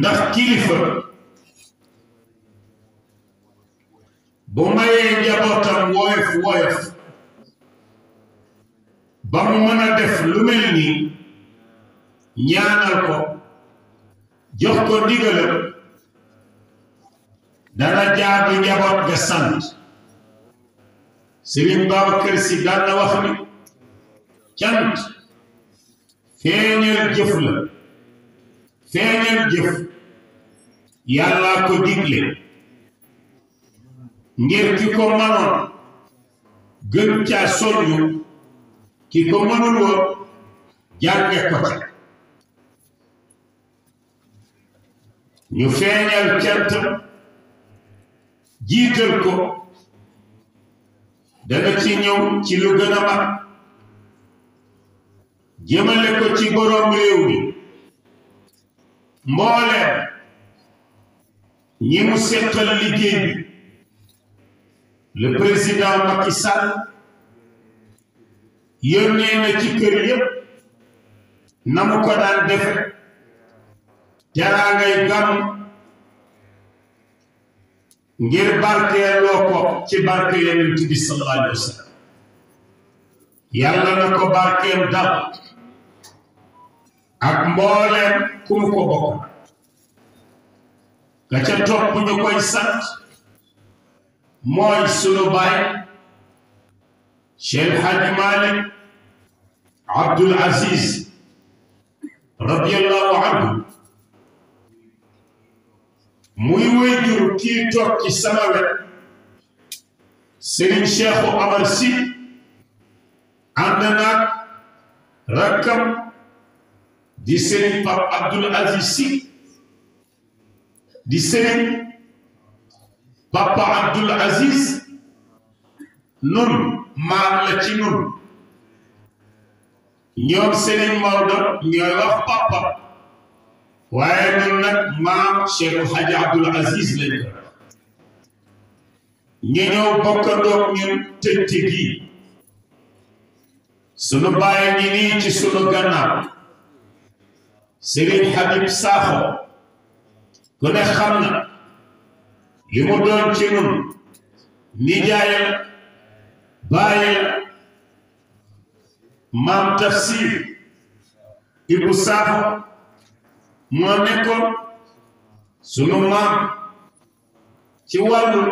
ndax kilifa bu mayee njabootam woyof woyof ba mu mën a def lu mel ni ñaanal ko jox ko digalam dana jaadu njaboot ga sant Sëriñ Babacar Si daan na wax ni cant feeñal jëf la seeneen jëf yàllaa ko digle ngir ki ko mënoon gën caa soññu ki ko mënul woon jànge ko ca ñu feeñal cant jiital ko dana ci ñëw ci lu gën jëmale ko ci borom mbooleem ñi mu seqal liggéey bi le président Macky Sall yónnee na ci kër yépp na mu ko daan defe jaraangay gàmm ngir barkeeloo ko ci barke Yonent bi sallallahu yàlla na ko barkeel dal ak mbooleem ku ko bokk la ca topp ñu koy sant mooy sunu baay Cheikh Hadji Malick Abdoul Aziz radiyallahu anhu muy wéyjur kii toog ci sama wet Serigne Cheikh Omar Sy ànd naag rakkam di sëriñ Pape Abdoul Aziz Sy di sëriñ Papa Abdoul Aziz nun maam la ci nun ñoom sëriñ Maodo ñooy wax papa waaye nun nag maam Cheikh Hadji Abdoul Aziz lañ ko ñu ñëw bokkandoog ñun tënk gi sunu bàyyi ñi nii ci sunu gannaaw Serigne Habib Sakho ku ne xam na li mu doon ci nun nijaayam baayam maam tafsir Ibou Sakho moo nekkoon sunu maam ci wàllu